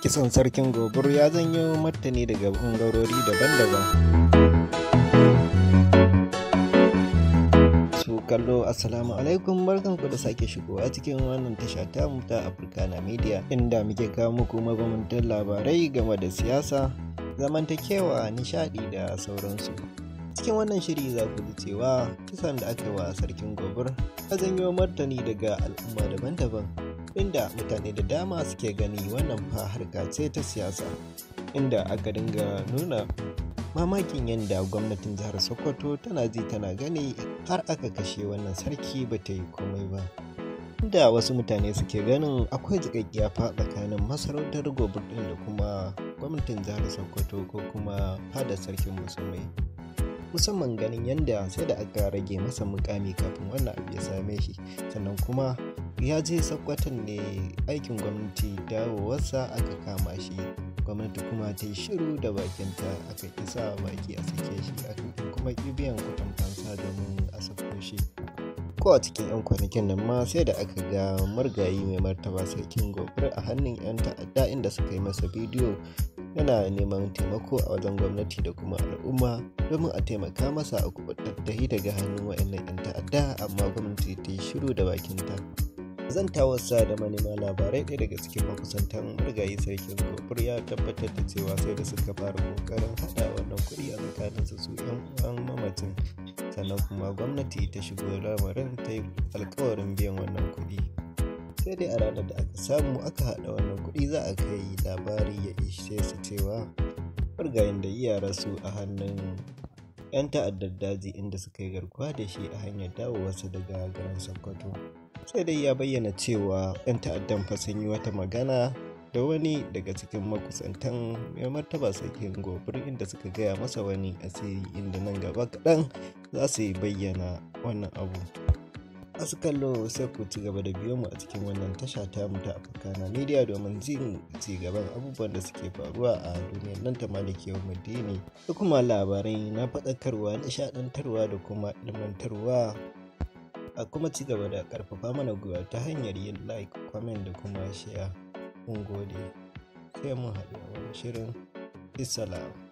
Kisan sarkin gobir ya zanyo martani daga bangarori daban-daban su kallo assalamu alaikum barkanku da sake shigo a cikin wannan tasha ta ta africana media inda muke kawo muku mabambantan labarai game da siyasa zamantakewa nishadi da sauransu cikin wannan shiri za ku ji cewa kisan da aka wa sarkin gobir ya zanyo martani daga al'umma daban-daban inda mutane da dama suke gani wannan fa harka ta siyasa inda aka dinga nuna mamakin yadda gwamnatin jihar sokoto tana ji tana gani har aka kashe wannan sarki ba ta yi komai ba inda wasu mutane suke ganin akwai jikakkiya fa tsakanin masarautar gobe din da kuma gwamnatin jihar sokoto ko kuma fada sarkin musulmai musamman ganin yadda sai da aka rage masa mukami kafin wannan abu ya same shi sannan kuma ya je sakwatan ne aikin gwamnati dawowarsa aka kama shi gwamnati kuma ta yi shiru da bakinta aka isa baki a sake shi aka kuma ƙi biyan kuɗin fansa domin a sako shi ko a cikin 'yan kwanakin nan ma sai da aka ga margayi mai martaba sarkin gobir a hannun 'yan ta'adda inda suka yi masa bidiyo yana neman taimako a wajen gwamnati da kuma al'umma domin a taimaka masa a kuɓattattahi daga hannun wa'annan 'yan ta'adda amma gwamnati ta yi shiru da bakinta. Zan zantawarsa da manema labarai ɗaya daga cikin makusantan rigayi sarkin zuwa ya tabbatar da cewa sai da suka fara kokarin haɗa wannan kuɗi a tsakaninsu su yan uwan mamacin sannan kuma gwamnati ta shigo lamarin ta yi alkawarin biyan wannan kuɗi sai dai a ranar da aka samu aka haɗa wannan kuɗi za a kai labari ya ishe su cewa Murgayen da yara rasu a hannun 'yan ta'addar daji inda suka yi garkuwa da shi a hanyar dawowarsa daga garin sokoto sai dai ya bayyana cewa 'yan ta'addan fa sun yi wata magana da wani daga cikin makusantan mai martaba sarkin gobir inda suka gaya masa wani asiri inda nan gaba kaɗan za su yi bayyana wannan abu a su kallo sai ku ci gaba da biyo mu a cikin wannan tasha ta mu ta afirkana media domin jin ci gaban abubuwan da suke faruwa a duniyar nan ta malikiyar madini da kuma labarai na faɗakarwa nishaɗantarwa da kuma ilmantarwa a kuma ci gaba da karfafa mana gwiwa ta hanyar yin like comment da kuma share mun gode sai mun haɗu a wani shirin islam